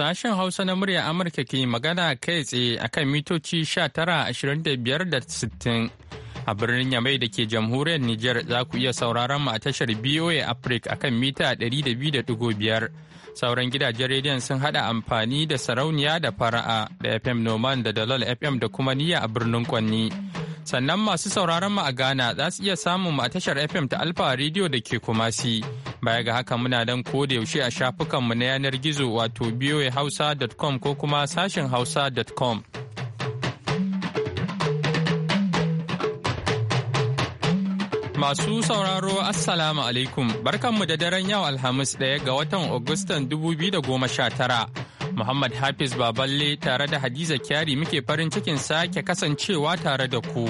Sashen Hausa na murya Amurka ke magana kai tsaye akan mitoci 19,25,60 da A birnin Yamai da ke jamhuriyar Nijar za ku iya sauraron mu a tashar BOA Africa akan mita 200.5. Sauran gidajen rediyon sun hada amfani da sarauniya da fara'a da FM Noman da Dalol FM da kuma niyya a birnin Kwanni. Sannan masu sauraron mu a Ghana za su iya samun mu a tashar FM ta Alfa Radio da ke Kumasi. Baya ga haka muna dan koda yaushe a shafukan mu na yanar gizo wato voahausa.com ko kuma sashin hausa.com. Masu sauraro Assalamu alaikum barkanmu da daren yau Alhamis ɗaya ga watan Agustan 2019. Muhammad Hafiz Baballe tare da Hadiza Kyari muke farin cikin sake kasancewa tare da ku.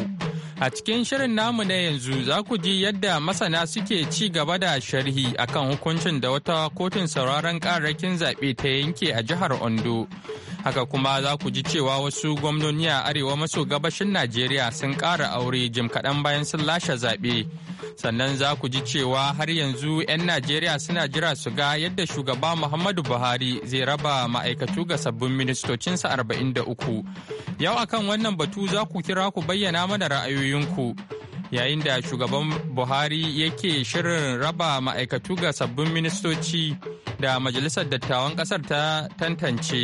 A cikin shirin namu na yanzu za ku ji yadda masana suke ci gaba da sharhi akan hukuncin da wata kotun sauraron ƙararrakin zaɓe ta yanke a jihar Ondo. Haka kuma za ku ji cewa wasu gwamnoni a arewa maso gabashin Najeriya sun ƙara aure jim kaɗan bayan sun lashe zaɓe. Sannan za ku ji cewa har yanzu 'yan Najeriya suna jira su ga yadda shugaba Muhammadu Buhari zai raba ma'aikatu ga sabbin ministocinsa arba'in da uku Yau akan wannan batu za ku kira ku bayyana mana ra'ayoyinku. yayin da shugaban buhari yake shirin raba ma'aikatu ga sabbin ministoci da majalisar dattawan kasar ta tantance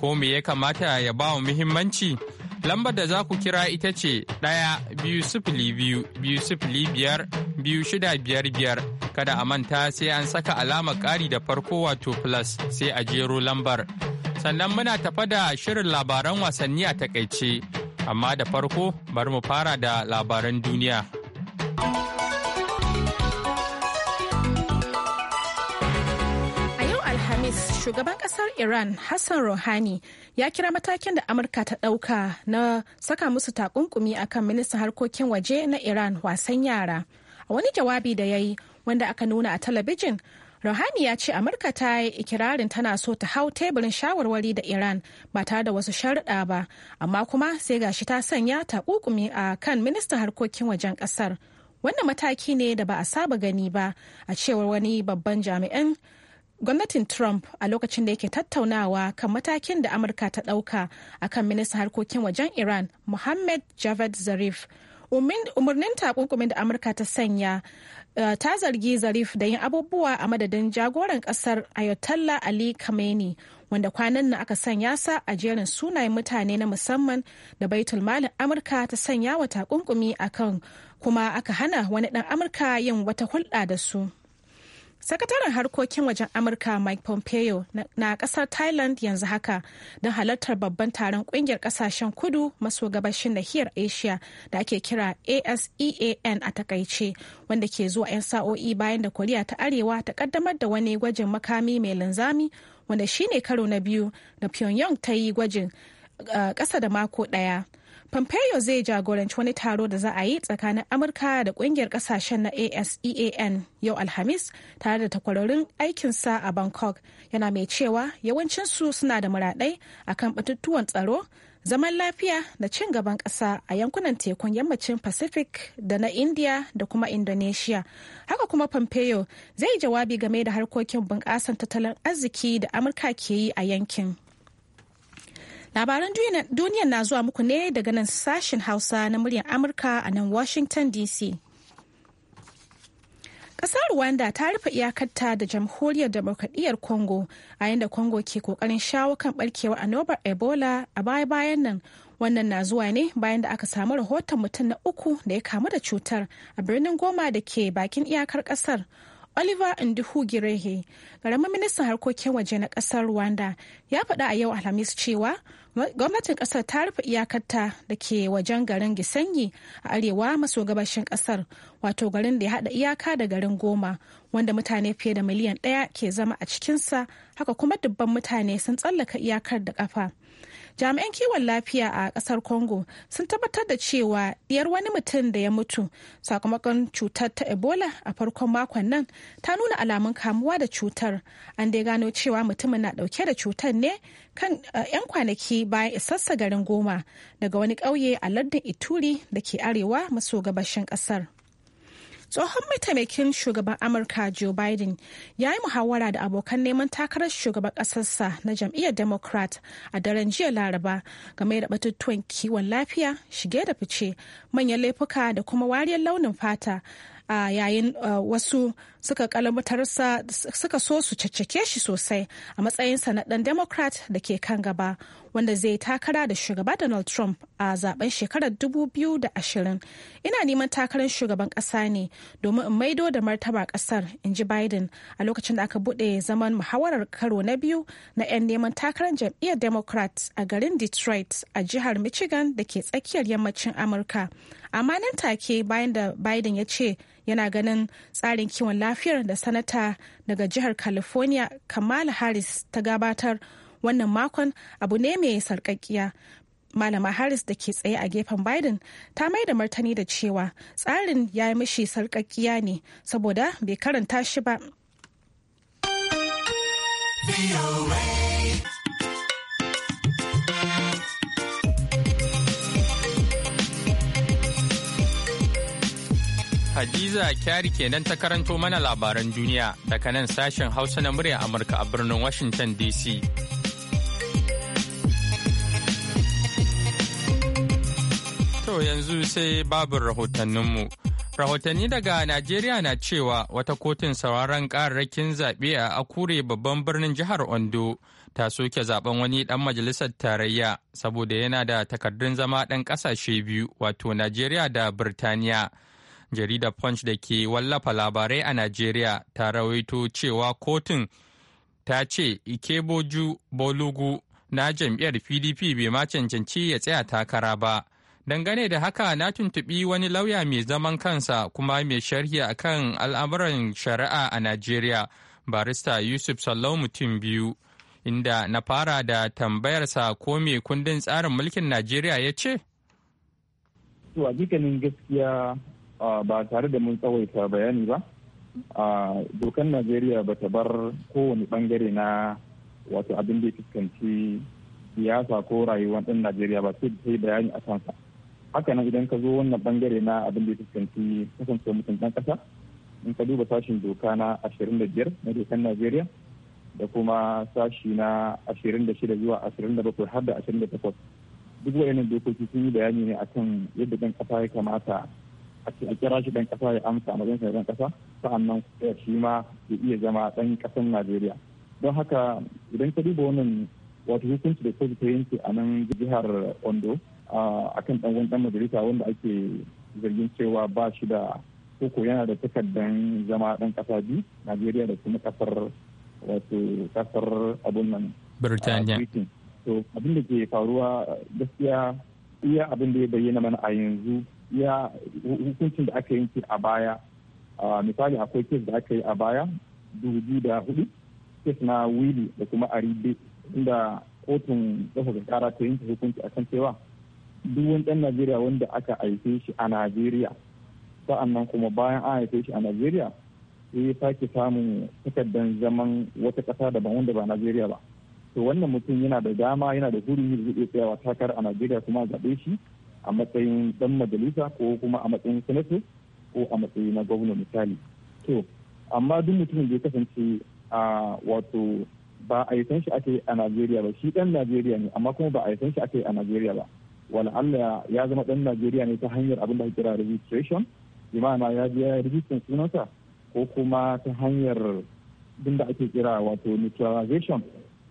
ko me ya kamata ya ba wa muhimmanci lambar da za ku kira ita ce ɗaya biyu sifili biyu biyu sifili biyar biyu shida biyar biyar kada a manta sai an saka alamar ƙari da farko wato plus sai a jero lambar sannan muna tafa da shirin labaran wasanni a takaice amma da farko bari mu fara da labaran duniya. A yau Alhamis, shugaban kasar Iran Hassan Rouhani ya kira matakin da Amurka ta ɗauka na saka musu takunkumi akan ministan harkokin waje na Iran wasan yara. A wani jawabi da ya yi wanda aka nuna a talabijin, Rouhani ya ce Amurka ta yi ikirarin tana so ta hau teburin shawarwari da Iran ba tare da wasu sharuɗa ba, amma kuma sai gashi ta sanya ta takunkumi a kan ministan harkokin wajen ƙasar. Wannan mataki ne da ba a saba gani ba a cewar wani babban jami'in gwamnatin Trump a lokacin da yake tattaunawa kan matakin da Amurka ta ɗauka a kan ministan harkokin wajen Iran, Mohammed Javad Zarif. umarnin takunkumin da amurka ta sanya uh, ta zargi zarif da yin abubuwa a madadin jagoran kasar ayatollah ali khamenei wanda kwanan nan aka sanya sa a jerin sunayen mutane na musamman da baitul malin amurka ta sanya wa takunkumi akan kuma aka hana wani dan amurka yin wata hulɗa da su. sakataren harkokin wajen amurka mike pompeo na kasar thailand yanzu haka don halartar babban taron ƙungiyar ƙasashen kudu maso gabashin nahiyar asia da ake kira asean a takaice wanda ke zuwa 'yan sa'o'i bayan da koriya ta arewa ta kaddamar da wani gwajin makami mai linzami wanda shine karo na biyu da pyongyang ta yi gwajin kasa uh, da mako ɗaya. Pompeo zai jagoranci wani taro da za a yi tsakanin Amurka da kungiyar kasashen na ASEAN yau Alhamis tare da takwarorin aikinsa a Bangkok yana mai cewa yawancinsu suna da muradai akan batutuwan tsaro, zaman lafiya da cin gaban ƙasa a yankunan tekun yammacin Pacific da na India da kuma Indonesia. Haka kuma Pompeo zai jawabi game da harkokin bunƙasar tattalin arziki da Amurka ke yi a yankin. Labaran duniyar na zuwa muku ne daga nan sashen Hausa na muryar Amurka a nan Washington DC. kasar Rwanda ta rufe iyakarta da jamhuriyar demokradiyyar Congo a yadda Congo ke kokarin shawo kan barkewar annobar Ebola a baya-bayan nan. Wannan na zuwa ne bayan da aka samu rahoton mutum na uku da ya kamu da cutar a birnin Goma da ke bakin iyakar kasar Oliver Ndihu Girehe, ƙaramin ministan harkokin waje na ƙasar Rwanda, ya faɗa a yau Alhamis cewa gwamnatin kasar ta rufe iyakarta da ke wajen garin gisanyi a arewa maso gabashin kasar wato garin da ya hada iyaka da garin goma wanda mutane fiye da miliyan daya ke zama a cikinsa haka kuma dubban mutane sun tsallaka iyakar da kafa jami'an kiwon lafiya a kasar congo sun tabbatar da cewa diyar wani mutum da ya mutu sakamakon cutar ta ebola a farkon makon nan ta nuna alamun kamuwa da cutar an dai gano cewa mutumin na dauke da cutar ne kan eh, 'yan kwanaki bayan isassa garin goma daga wani ƙauye a lardin ituri da ke arewa maso gabashin kasar. tsohon mataimakin shugaban amurka joe biden ya yi muhawara da abokan neman takarar shugaban ƙasarsa na jam'iyyar democrat a daren jiya laraba game da batutuwan kiwon lafiya shige da fice manyan laifuka da kuma wariyar launin fata a yayin wasu suka kalamutarsa suka so su caccake shi sosai a matsayinsa na ɗan democrat da ke kan gaba wanda zai takara da shugaba Donald Trump a zaben shekarar 2020. Ina neman takarar shugaban ƙasa ne domin in maido da martaba ƙasar, in ji Biden a lokacin da aka buɗe zaman muhawarar karo na biyu na 'yan neman takarar jam'iyyar Democrats a garin Detroit a jihar Michigan da ke tsakiyar yammacin Amurka. Amma nan take bayan da Biden ya ce yana ganin tsarin kiwon lafiyar da sanata daga jihar California Kamala Harris ta gabatar wannan makon abu ne mai sarƙaƙiya malama harris da ke tsaye a gefen biden ta mai da martani da cewa tsarin ya yi mishi sarkakkiya ne saboda bai karanta shi ba Hadiza Kyari kenan ta karanto mana labaran duniya daga nan sashen Hausa na murya Amurka a birnin Washington DC. To yanzu sai babu rahotanninmu. Rahotanni daga Najeriya na cewa wata kotun sauraron kararrakin zaɓe a Akure babban birnin jihar Ondo ta soke zaben wani ɗan majalisar tarayya saboda yana da takardun zama ɗan ƙasashe biyu wato Najeriya da Birtaniya. Jarida Punch da ke wallafa labarai a Najeriya ta rawaito cewa kotun ta ce Ikeboju Bolugu na jam'iyyar PDP bai ma cancanci ya tsaya takara ba. Dangane da haka na tuntuɓi wani lauya mai zaman kansa kuma mai sharhi a kan al'amuran shari'a a Najeriya, barista Yusuf Sallau mutum biyu, inda na fara da tambayarsa ko mai kundin tsarin mulkin Najeriya ya ce? To, gaskiya ba tare da mun tsawaita bayani ba. dokan najeriya ba ta bar kowane bangare na wato abin da ya fuskanci siyasa ko rayuwar ɗan najeriya ba sai da bayani a kansa haka nan idan ka zo wannan bangare na abin da ya fuskanci kasance mutum dan kasa in ka duba sashin doka na ashirin da biyar na dokar najeriya da kuma sashi na ashirin da shida zuwa ashirin da bakwai har da ashirin da takwas duk wayannan dokoki sun yi bayani ne akan yadda ɗan ƙasa ya kamata a kira shi ɗan ƙasa ya amsa a matsayin ɗan ƙasa sa'annan shi ma ya iya zama ɗan kasan najeriya don haka idan ka duba wannan wato hukunci da kotu ta yanke a nan jihar ondo a akan ɗan ɗan majalisa wanda ake zargin cewa ba shi da koko yana da takardar zama ɗan ƙasa biyu najeriya da kuma ƙasar wato ƙasar abin nan birtaniya to abin da ke faruwa gaskiya iya abin da ya bayyana mana a yanzu iya hukuncin da aka yanke a baya misali akwai kes da aka yi a baya dubu da hudu kes na wili da kuma aribe inda kotun da ƙara ta yanke hukunci kan cewa duk wani ɗan najeriya wanda aka haife shi a najeriya sa'annan kuma bayan an haife shi a najeriya sai ya sake samun takardar zaman wata ƙasa daban wanda ba najeriya ba to wannan mutum yana da dama yana da hurumi da zai tsayawa takar a najeriya kuma a zaɓe shi a matsayin ɗan majalisa ko kuma a matsayin sanato ko a matsayi na gwamna misali to amma duk mutumin da ya kasance a wato ba a yi shi ake a najeriya ba shi ɗan najeriya ne amma kuma ba a yi shi ake a najeriya ba Allah ya zama ɗan najeriya ne ta hanyar abin da kira registration imana ya biya ya rijistan sunansa ko kuma ta hanyar abin da ake kira wato neutralization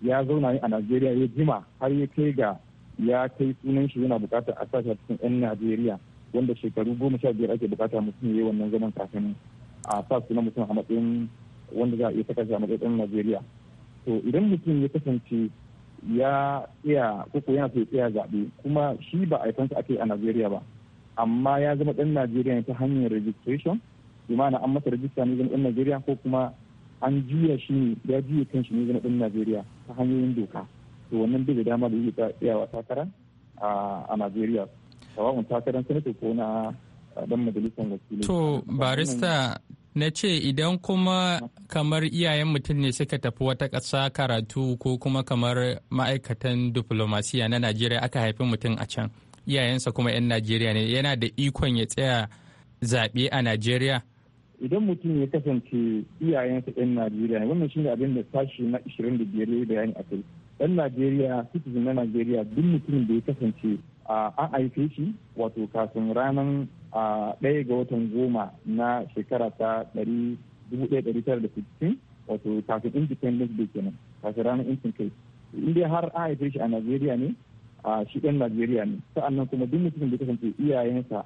ya zauna ne a najeriya ya jima har ya kai ga ya kai sunan shi yana bukatar a sashi cikin 'yan najeriya wanda shekaru goma sha biyar ake bukata mutum ya yi wannan zaman kafin a sa sunan mutum a matsayin wanda za a iya saka shi a matsayin najeriya to idan mutum ya kasance ya tsaya koko yana so tsaya zaɓe kuma shi ba a aifansa ake a najeriya ba amma ya zama ɗan najeriya ne ta hanyar registration imana an masa rajista ne zama ɗan najeriya ko kuma an juya shi ne ya juya kan shi ne zama ɗan najeriya ta hanyoyin doka to wannan bai da dama da tsaya tsayawa takara a najeriya sawa'un takarar sanata ko na dan majalisar wakilai to barista na ce idan kuma kamar iyayen mutum ne suka tafi wata ƙasa karatu ko kuma kamar ma'aikatan diplomasiya na najeriya aka haifi mutum a can iyayensa kuma 'yan najeriya ne yana da ikon ya tsaya zaɓe a najeriya idan mutum ya kasance iyayensa 'yan najeriya ne wannan shine abin da sashi na 25 ya bayani a kai 'yan najeriya citizen na najeriya duk mutumin da ya kasance an haife shi wato kafin ranar ɗaya ga watan goma na shekara ta 1960 wato kafin independence day kenan kafin ranar incin kai inda har an haife shi a najeriya ne a shi ɗan nigeria ne sa'annan kuma duk mutumin da kasance iyayensa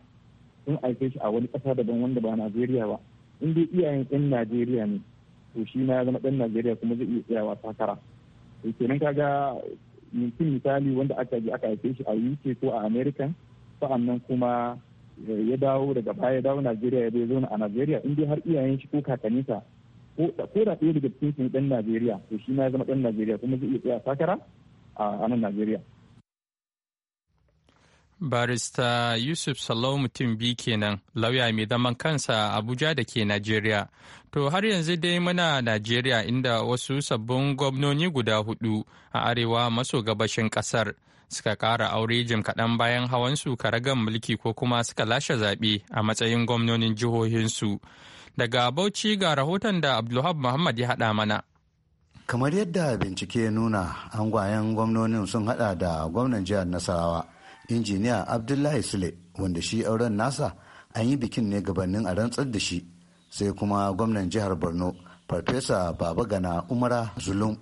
sun haife shi a wani ƙasa daban wanda ba nigeria ba in dai iyayen ɗan najeriya ne to shi na zama ɗan najeriya kuma zai iya tsayawa takara kenan kaga yankin misali wanda aka je aka haife shi a UK ko a America sa'annan kuma eh, ya dawo daga baya ya dawo Najeriya ya zai zauna a Najeriya in dai har iyayen shi ko kakanninsa ko da ɗaya daga cikin su ɗan Najeriya to shi ma ya zama ɗan Najeriya kuma zai iya tsaya takara a nan Najeriya. barista yusuf salau mutum biyu kenan lauya mai zaman kansa abuja da ke najeriya to har yanzu dai muna najeriya inda wasu sabbin gwamnoni guda hudu a arewa maso gabashin kasar suka kara aure jim kaɗan bayan hawan hawansu karagan mulki ko kuma suka lashe zaɓe a matsayin gwamnonin jihohinsu daga bauchi ga rahoton da abdulhab muhammad ya haɗa mana kamar yadda bincike ya nuna hangwayen gwamnonin sun haɗa da gwamnan jihar nasarawa injiniya abdullahi sule wanda shi auren nasa an yi bikin ne gabanin a rantsar da shi sai kuma gwamnan jihar borno farfesa baba gana umara zulum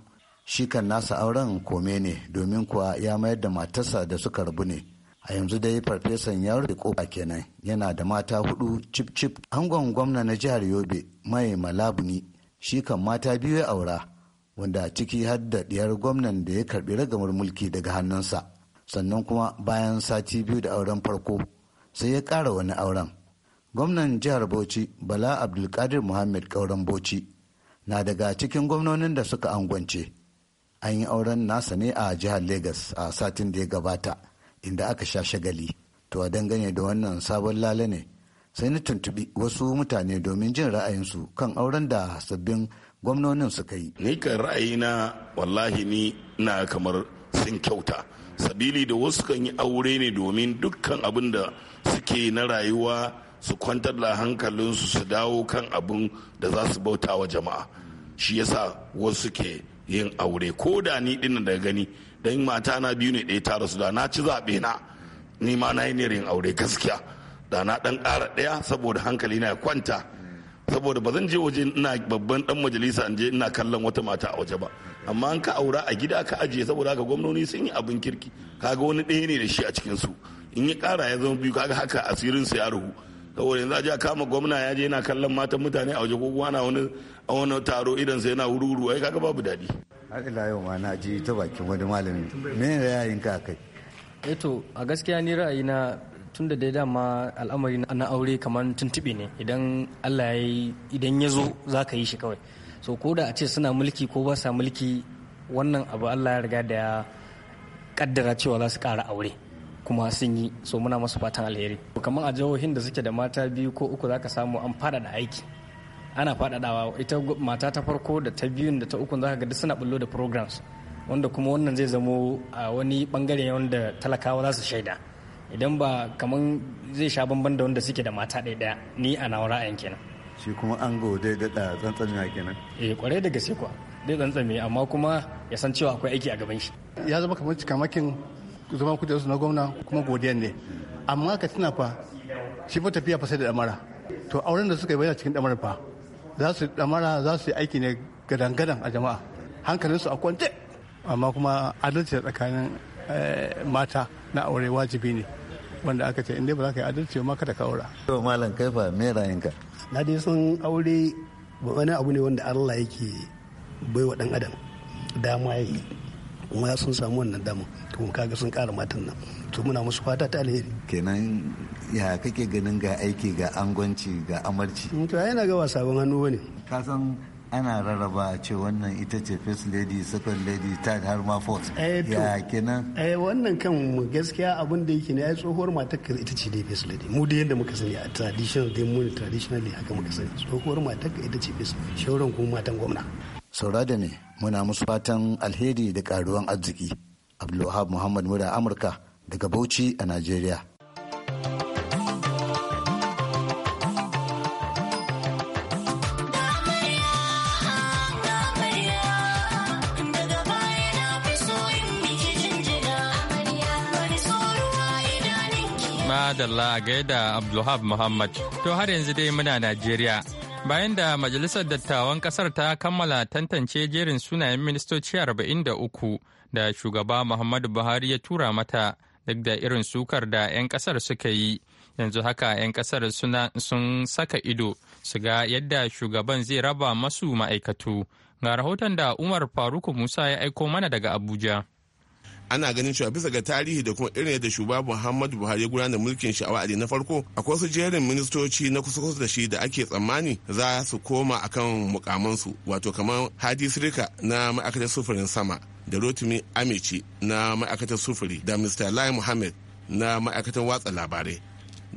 shi kan nasa auren kome ne domin kuwa ya mayar da matarsa da suka rabu ne a yanzu dai farfesan ya rufe kofa kenan yana da mata hudu cip cip angon gwamna na jihar yobe mai malabuni shi kan mata biyu ya aura wanda ciki har da diyar gwamnan da ya karbi ragamar mulki daga hannunsa sannan kuma bayan sati biyu da auren farko sai ya ƙara wani auren gwamnan jihar bauchi bala abdulkadir muhammad ƙauren bauchi na daga cikin gwamnonin da suka angwance an yi auren nasa ne a jihar Legas a satin da ya gabata inda aka sha shagali to a dangane da wannan sabon lale ne sai na tuntubi wasu mutane domin jin ra'ayinsu kan auren da sabbin gwamnonin suka yi. Ni kan ra'ayina wallahi ni na kamar sun kyauta sabili da wasu kan yi aure ne domin dukkan abin da suke na rayuwa su kwantar da hankalinsu su dawo kan abin da za su bauta wa jama'a shi yasa wasu ke yin aure ko da ni ɗin da gani don mata na biyu ne ɗaya ta rasu da na ci zaɓe na ni ma na yi yin aure gaskiya da na ɗan ƙara ɗaya saboda hankali na kwanta saboda ba zan je waje ina babban ɗan majalisa in je ina kallon wata mata a waje ba amma an ka aura a gida ka ajiye saboda haka gwamnoni sun yi abin kirki kaga wani ɗaya ne da shi a cikin su in ya ƙara ya zama biyu kaga haka asirin sa ya ruhu saboda yanzu ajiya kama gwamna ya je yana kallon matan mutane a waje ko kuma wani a wani taro idan sa yana wuri-wuri ai kaga babu daɗi har ila yau ma na ji ta bakin wani malami me ne ra'ayin ka kai eto eh a gaskiya ni ra'ayina tun da ma al'amari na aure kamar tuntuɓe ne idan allah ya yi idan ya zo za ka yi shi kawai so ko da a ce suna mulki ko ba sa mulki wannan abu allah ya riga da ya kaddara cewa za su kara aure kuma sun yi so muna masu fatan alheri kamar a jihohin da suke da mata biyu ko uku zaka samu an faɗaɗa aiki ana faɗaɗawa ita mata ta farko da ta biyun da ta ukun ka ga suna bullo da programs wanda kuma wannan zai zamo a wani bangare wanda talakawa za su shaida idan ba kamar zai sha bamban da wanda suke da mata ɗaya ni a nawa ra'ayin kenan shi kuma an gode da da tsantsamewa kenan eh kwarai da gaske kuwa dai tsantsame amma kuma ya san cewa akwai aiki a gaban shi ya zama kamar cikamakin zaman su na gwamna kuma godiyan ne amma ka tuna fa shi fa tafiya fa sai da damara to auren da suka yi bayan cikin damar fa za su damara za su yi aiki ne gadan-gadan a jama'a hankalin su a kwance amma kuma adalci tsakanin eh, mata na aure wajibi ne wanda aka ce inda ba za ka yi adalci ma kada ka aura. Yau malam fa me rayinka. na dai san aure wani abu ne wanda allah yake bai wa dan adam dama ya yi kuma ya sun samu wannan dama to kaga sun kara matan nan to muna musu fata ta alheri kenan ya kake ganin ga aiki ga angonci ga amarci to yana ga sabon hannu bane ka ana rarraba a ce wannan ita ce first lady second lady third har ma fourth eh, ya kenan eh wannan kan gaskiya abin da yake ne ai tsohuwar matar ka ita ce dai first lady mu da yadda muka sani a traditional dai mu traditionally haka muka sani tsohuwar matar ka ita ce first lady shauran kuma matan gwamna saura da me muna musu fatan alheri da karuwan arziki abdulwahab muhammad mura amurka daga bauchi a najeriya ga da Abdulhab Muhammad. To har yanzu dai muna Najeriya. Bayan da Majalisar Dattawan Kasar ta kammala tantance jerin sunayen ministoci 43 da shugaba Muhammadu Buhari ya tura mata duk da irin sukar da 'yan kasar suka yi. Yanzu haka 'yan kasar sun saka ido su ga yadda shugaban zai raba masu ma'aikatu. Ga rahoton da Umar Faruku Musa ya aiko mana daga Abuja. ana ganin cewa bisa ga tarihi da kuma irin yadda shugaba muhammadu buhari ya gudanar mulkin shi a wa'adi na farko akwai wasu jerin ministoci na kusa-kusa da shi da ake tsammani za su koma akan mukamansu wato kamar hadi sirika na ma'aikatar sufurin sama da rotimi amici na ma'aikatar sufuri da mr lai muhammad na ma'aikatar watsa labarai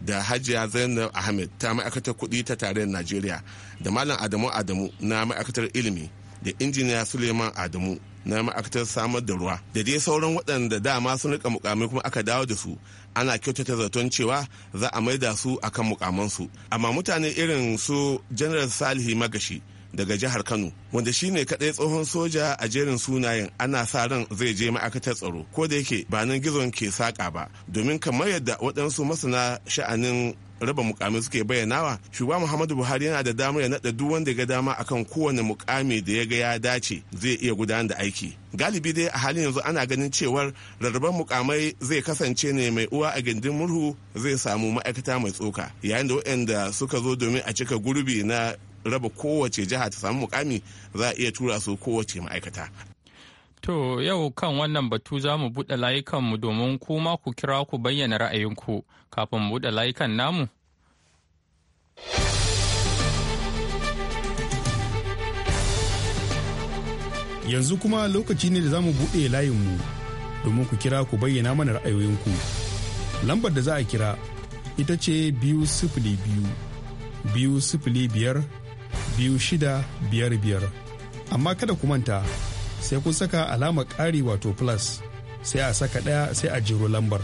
da hajiya zainab ahmed ta ma'aikatar kuɗi ta tarayyar najeriya da malam adamu adamu na ma'aikatar ilimi da injiniya suleiman adamu na ma'aikatar samar da ruwa da dai sauran waɗanda dama sun rika mukamai kuma aka dawo da su ana kyautata zaton cewa za a maida su akan mukamansu amma mutane irin su janar salihi magashi daga jihar kano wanda shine kadai tsohon soja a jerin sunayen ana sa ran zai je ma'aikatar tsaro ko da yake ba nan gizon ke saƙa ba domin kamar yadda waɗansu masana sha'anin raba mukamai suke bayyanawa shugaba muhammadu buhari yana da damar ya naɗa duk wanda ya ga dama akan kowane mukami da ya ga ya dace zai iya gudanar da aiki galibi dai a halin yanzu ana ganin cewar rarraban mukamai zai kasance ne mai uwa a gindin murhu zai samu ma'aikata mai tsoka yayin da waɗanda suka zo domin a cika gurbi na raba kowace jiha ta samu mukami za a iya tura su kowace ma'aikata To yau kan wannan batu za mu buɗe layukanmu domin kuma ku kira ku bayyana ra'ayinku kafin mu buɗe layukan namu. Yanzu kuma lokaci ne da za mu buɗe layinmu domin ku kira ku bayyana mana ra'ayoyinku. Lambar da za a kira ita ce biyu sifili biyu, biyu sifili biyar, biyu shida biyar biyar. Amma kada ku manta sai kun saka alama ƙari wato plus sai a saka ɗaya sai a jiro lambar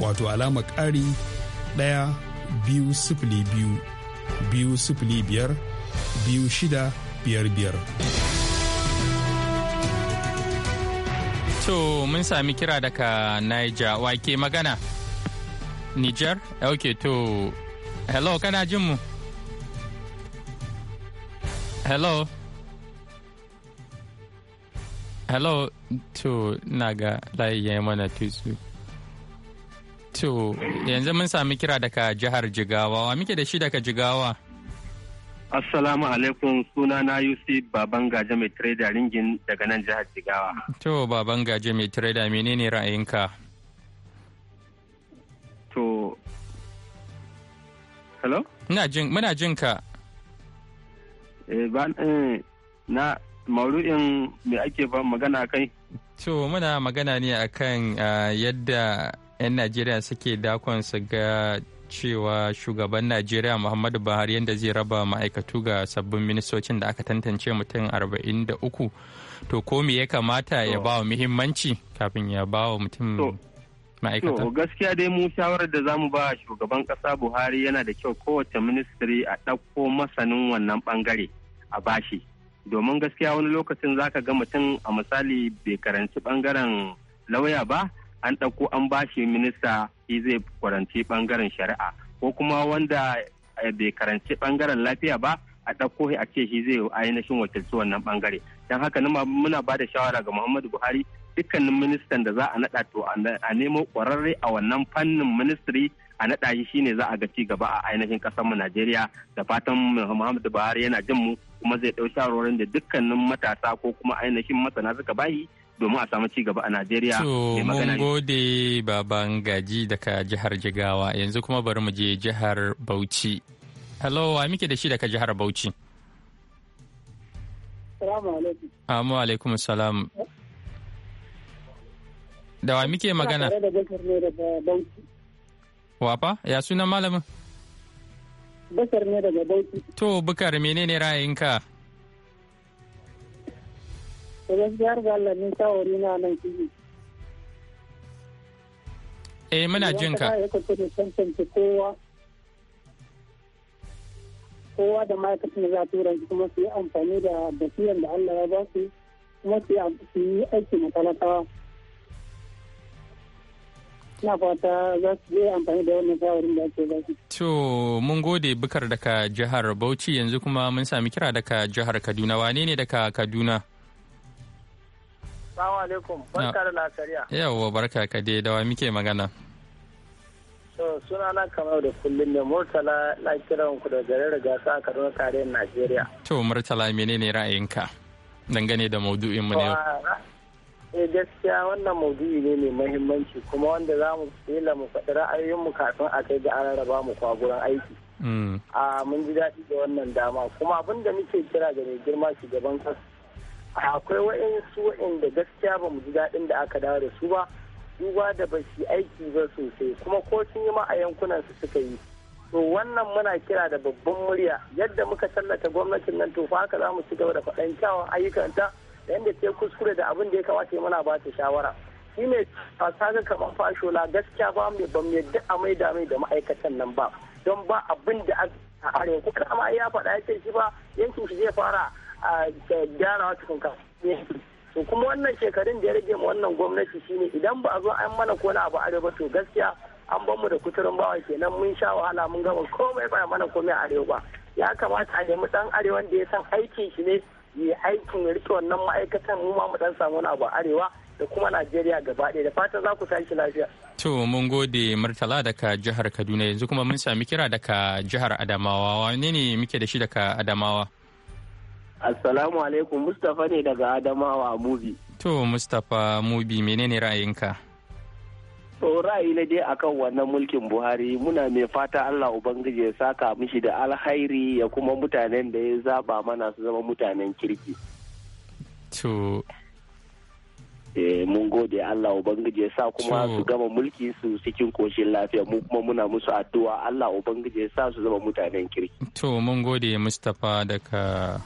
wato alama ƙari ɗaya biyu sifili biyu biyu sifili biyar biyu shida biyar biyar. To mun sami kira daga Niger wake magana. Niger? Ok to, hello kana jin mu? Hello? hello to naga ga layi ya mana tutsu to yanzu mun sami kira daga jihar jigawa wa muke da shi daga jigawa assalamu alaikum suna na yusuf baban gaje mai tireda ringin daga nan jihar jigawa to baban gaje mai trader menene ra'ayinka to hello muna jin ka eh, eh, na maru'in me ake ba magana kai? To muna magana ne akan ah, yadda 'yan Najeriya suke dakon su ga cewa shugaban Najeriya Muhammadu Buhari yadda zai raba ma'aikatu ga sabbin ministocin da aka tantance mutum 43. To ko me ya kamata ya ba wa muhimmanci kafin ya ba wa mutum ma'aikata? To gaskiya dai mu shawarar da zamu ba shugaban kasa Buhari yana da kyau kowace ministry a ɗauko masanin wannan bangare a bashi. domin gaskiya wani lokacin zaka ga mutum a misali bai karanci bangaren lauya ba an ɗauko an bashi minista shi zai karanci bangaren shari'a ko kuma wanda eh, bai karanci bangaren lafiya ba a ɗauko a ce shi zai ainihin wakilci wannan bangare don haka muna ba da shawara ga muhammadu buhari dukkanin ministan da za a naɗa to a nemo ƙwararre a wannan fannin ministry a naɗa shi shine za a ga ci gaba a ainihin ƙasarmu najeriya da fatan muhammadu buhari yana jin mu kuma zai ɗau shawarwarin da dukkanin matasa ko kuma ainihin masana suka bayi domin a samu ci gaba a Najeriya. To mun gode baban gaji daga jihar Jigawa yanzu kuma bari mu je jihar Bauchi. Hello wa muke da shi daga jihar Bauchi? Salamu alaikum. Amu alaikum salam. Da wa muke magana? Wa fa ya sunan malamin? Bakar ne daga Bauchi. To Bakar menene ra'ayinka? To gaskiya ga Allah ni shawari na nan kiji. Eh muna jin ka. Ya kwato da tantance kowa. Kowa da ma'aikatan da za tura kuma su yi amfani da basiran da Allah ya ba su kuma su yi aiki matalakawa. Ina fata za su je amfani da wannan shawarin da ake ba To mun gode bukar daga jihar Bauchi yanzu kuma mun sami kira daga jihar Kaduna wane ne daga Kaduna? Salamu alaikum barka da lasariya. Yawwa barka ka dai dawa muke magana. To na kamar da kullum ne Murtala na kiran ku da garin gasa a Kaduna tarayyar Najeriya. To Murtala menene ra'ayinka dangane da maudu'in mu ne yau? eh gaskiya wannan maudu'i ne mai mahimmanci kuma wanda za mu tsela mu faɗi ra'ayoyinmu kafin a kai ga an raba mu kwaguran aiki mm. a mun ji daɗi da wannan dama kuma abin da muke kira da mai girma shugaban kasa akwai wa'insu wa'inda gaskiya ba mu ji daɗin da aka dawo da su ba duba da ba su aiki ba sosai kuma ko sun yi ma a yankunan su suka yi to wannan muna kira da babban murya yadda muka tallata gwamnatin nan to fa haka za mu ci gaba da faɗan kyawun ayyukanta yadda ke kuskure da abin da ya kamata mana ba ta shawara shi ne kaga kamar fashola gaskiya ba mai ban mai da amai da mai da ma'aikatan nan ba don ba abin da a arewa ko kama ya faɗa ya ce shi ba yankin shi zai fara a gyara wata kanka to kuma wannan shekarun da ya rage ma wannan gwamnati ne idan ba a zo an mana ko na abu arewa to gaskiya an ban mu da kuturin bawa kenan mun sha wahala mun gama komai ba mana komai arewa ya kamata a nemi dan arewan da ya san aikin shi ne yi aikin rike wannan ma'aikatan mu mu dan samu wani abu arewa da kuma Najeriya gaba ɗaya da fatan za ku tashi lafiya. To mun gode Murtala daga jihar Kaduna yanzu kuma mun sami kira daga jihar Adamawa wane ne muke da shi daga Adamawa? Assalamu alaikum Mustapha ne daga Adamawa Mubi. To Mustapha Mubi menene ra'ayinka? To ra'ayi na dai akan wannan mulkin Buhari muna mai fata Allah Ubangiji ya saka mishi da alhairi ya kuma mutanen da ya zaba mana su zama mutanen kirki. To. Eh, mun gode Allah Ubangiji ya sa kuma su gama mulki su cikin koshin lafiya mu kuma muna musu addu'a Allah Ubangiji ya sa su zama mutanen kirki. To mun gode Mustapha daga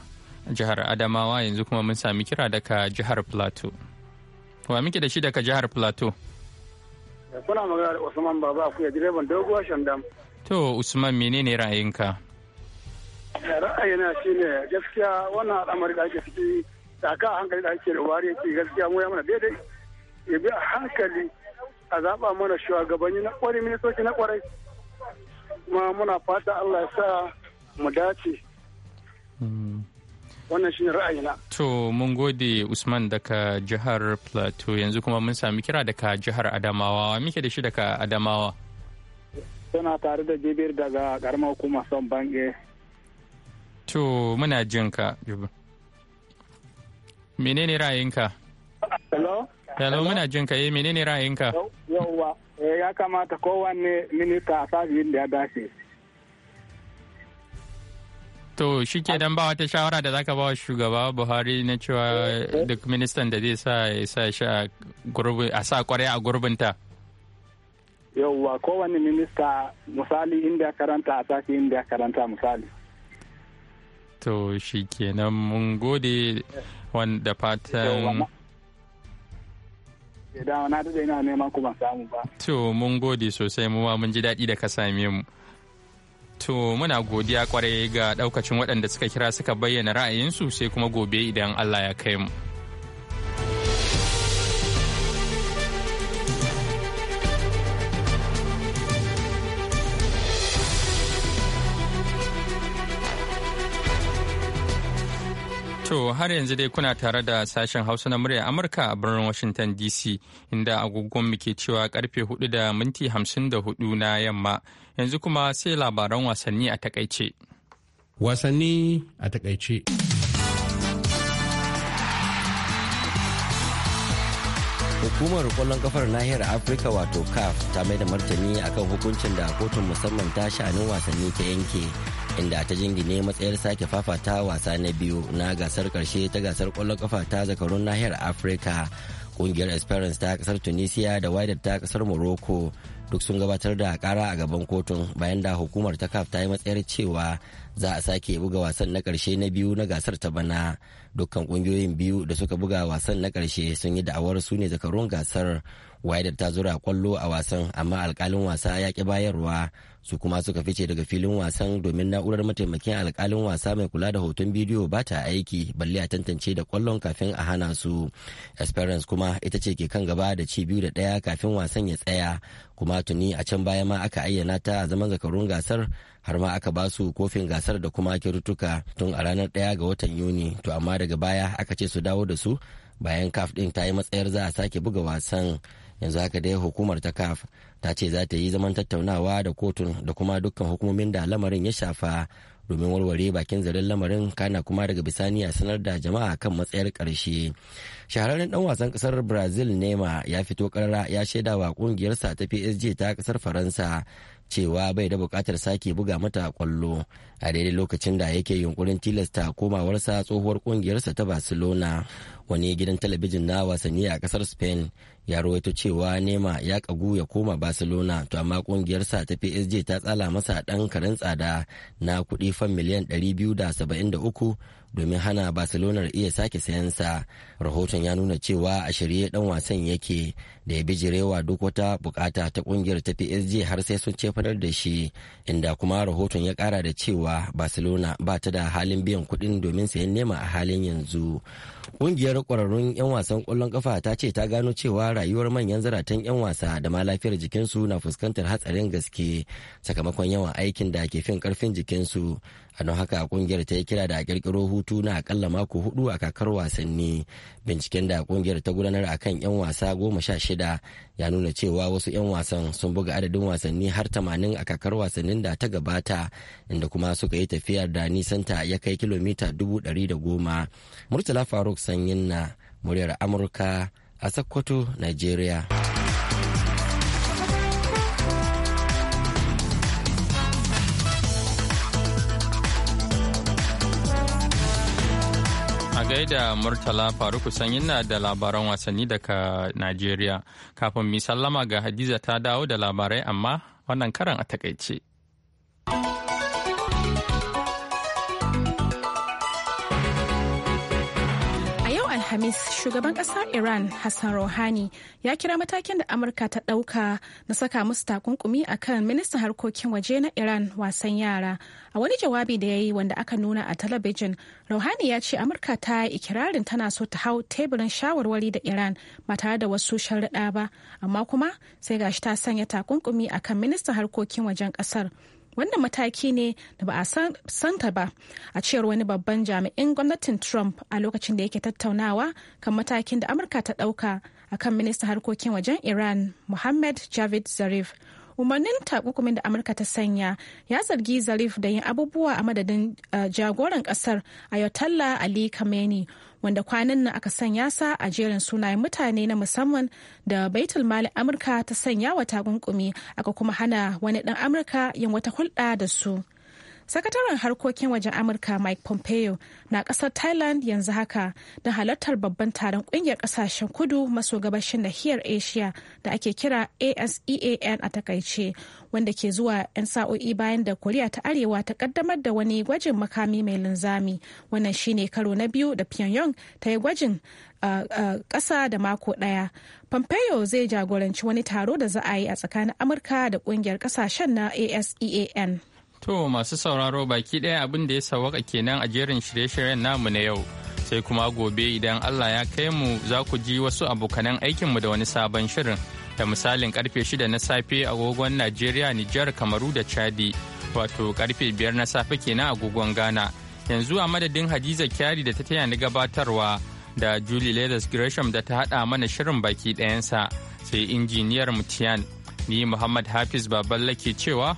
jihar Adamawa yanzu kuma mun sami kira daga jihar Plateau. Wa muke da shi daga jihar Plateau? Kuna magana da Usman Baba Akuya direban doguwar Shandam. To Usman menene ra'ayinka? Ra'ayina shine gaskiya wannan al'amari da ake ciki da ka hankali da ake da wari yake gaskiya mu ya mana daidai. Ya bi a hankali a zaɓa mana shugabanni na kwarai ministoci na kwarai. Kuma muna fata Allah ya sa mu dace. Hmm. wannan shine ra'ayina to mun gode usman daga jihar plateau yanzu kuma mun sami kira daga jihar adamawa muke da shi daga adamawa suna tare da jibir daga karamar hukuma son bange to muna jin ka jibir menene ra'ayinka hello hello muna jin ka eh menene ra'ayinka yawwa eh, ya kamata kowanne minista a sabiyin da ya dace To shi ke dan ba wata shawara da zaka ba wa shugaba Buhari na cewa duk ministan da zai sa ya sa shi a gurbin a sa kwarai a gurbinta. Yauwa kowane minista misali inda karanta a tafi inda karanta misali. To shi nan mun gode wanda fatan Da na da ina neman kuma samu ba. To mun gode sosai mu ma mun ji daɗi da ka same mu. To muna godiya kwarai ga daukacin waɗanda suka kira suka bayyana ra'ayinsu sai kuma gobe idan Allah ya kai mu. To har yanzu dai kuna tare da sashen Hausa na murya Amurka a birnin Washington DC inda agogon muke cewa karfe 4 da minti 54 na yamma. Yanzu kuma sai labaran wasanni a takaice. Wasanni a takaice. hukumar kwallon kafar nahiyar afirka wato caf ta mai da martani akan hukuncin da kotun musamman ta sha'anin wasanni ta yanke inda ta jingine matsayar sake fafata wasa na biyu na gasar karshe ta gasar kwallon kafa ta zakarun nahiyar afirka kungiyar esperance ta kasar tunisia da wider ta kasar morocco duk sun gabatar da kara a gaban kotun bayan da hukumar ta kaf ta yi matsayar cewa za a sake buga wasan na karshe na biyu na gasar ta bana dukkan kungiyoyin biyu da suka buga wasan na karshe sun yi da'awar su ne zakarun gasar wider ta zura kwallo a wasan amma alkalin wasa ya ki bayarwa su kuma suka fice daga filin wasan domin na'urar mataimakin alkalin wasa mai kula da hoton bidiyo ba ta aiki balle a tantance da kwallon kafin a hana su esperance kuma ita ce ke kan gaba da ci biyu da ɗaya kafin wasan ya tsaya kuma tuni a can baya ma aka ayyana ta a zaman zakarun gasar har ma aka ba su kofin gasar da kuma kirtuka tun a ranar ɗaya ga watan yuni to amma daga baya aka ce su dawo da su bayan kaf ɗin ta yi matsayar za a sake buga wasan yanzu haka dai hukumar ta kaf ta ce za ta yi zaman tattaunawa da kotun da kuma dukkan hukumomin da lamarin ya shafa domin warware bakin zaren lamarin kana kuma daga bisani a sanar da jama'a kan matsayar karshe shahararren dan wasan kasar brazil nema ya fito karara ya shaida wa kungiyarsa ta psg ta kasar faransa cewa bai da bukatar sake buga mata kwallo a daidai lokacin da yake yunkurin tilasta komawarsa tsohuwar kungiyarsa ta barcelona wani gidan talabijin na wasanni a kasar spain ya rawaito cewa nema ya kagu ya koma barcelona to amma kungiyarsa ta psg ta tsala masa dan karen tsada na kudi fan miliyan 273 domin hana barcelona iya sake sayansa rahoton ya nuna cewa a shirye dan wasan yake da ya bijirewa duk wata bukata ta kungiyar ta psg har sai sun cefanar da shi inda kuma rahoton ya kara da cewa cewa barcelona ba ta da halin biyan kuɗin domin sayan nema a halin yanzu ƙungiyar ƙwararrun 'yan wasan ƙwallon ƙafa ta ce ta gano cewa rayuwar manyan zaratan 'yan wasa da ma lafiyar jikinsu na fuskantar hatsarin gaske sakamakon yawan aikin da ke fin ƙarfin jikinsu a don haka kungiyar ta yi kira da kirkiro hutu na akalla mako hudu a kakar wasanni binciken da kungiyar ta gudanar a kan 'yan wasa goma sha shida ya nuna cewa wasu 'yan wasan sun buga adadin wasanni har tamanin a kakar wasannin da ta gabata inda kuma suka yi tafiyar da nisanta ya kai kilomita dubu dari da goma murtala faruk sanyin na muryar amurka a sokoto nigeria gaida Murtala Faruku na da labaran wasanni daga Najeriya. Kafin mi ga Hadiza ta dawo da labarai amma wannan karan a takaice. Alhamis shugaban kasar Iran Hassan Rouhani ya kira matakin da Amurka ta ɗauka na saka musu takunkumi a kan ministan harkokin waje na Iran wasan yara. A wani jawabi da ya yi wanda aka nuna a talabijin, Rouhani ya ce Amurka ta yi ikirarin tana so ta hau teburin shawarwari da Iran ba tare da wasu sharuɗa ba, amma kuma sai gashi ta sanya takunkumi a kan ministan harkokin wajen ƙasar. wannan mataki ne da ba a santa ba a cewar wani babban jami'in gwamnatin trump a lokacin da yake tattaunawa kan matakin da amurka ta ɗauka a kan ministan harkokin wajen iran mohammed javid zarif umarnin takunkumin da amurka ta sanya ya zargi zarif da yin abubuwa a madadin eh, jagoran kasar ayatollah ali khamenei wanda kwanan nan aka sanya sa a jerin sunayen mutane na musamman da baitul mali amurka ta sanya wa takunkumi aka kuma hana wani dan amurka yin wata hulɗa da su sakataren harkokin wajen amurka mike pompeo na kasar thailand yanzu haka da halartar babban taron kungiyar kasashen kudu maso gabashin nahiyar asia da ake kira asean a takaice wanda ke zuwa 'yan sa'o'i bayan da koriya ta arewa ta kaddamar da wani gwajin makami mai linzami wannan shine karo na biyu da pyongyang ta yi gwajin Uh, uh, ƙasa da mako ɗaya. Pompeo zai jagoranci wani taro da za a yi a tsakanin Amurka da ƙungiyar ƙasashen na ASEAN. To masu sauraro baki ɗaya abin da ya sawaka kenan a jerin shirye-shiryen namu na yau. Sai kuma gobe idan Allah ya kai mu za ku ji wasu abokanan aikinmu da wani sabon shirin. Da misalin karfe shida na safe agogon Najeriya, Nijar, Kamaru da Chadi. Wato karfe biyar na safe kenan agogon Ghana. Yanzu a madadin Hadiza Kyari da ta taya ni gabatarwa da Julie Leathers Gresham da ta haɗa mana shirin baki ɗayansa sai injiniyar Mutiyan. Ni Muhammad Hafiz Baballe ke cewa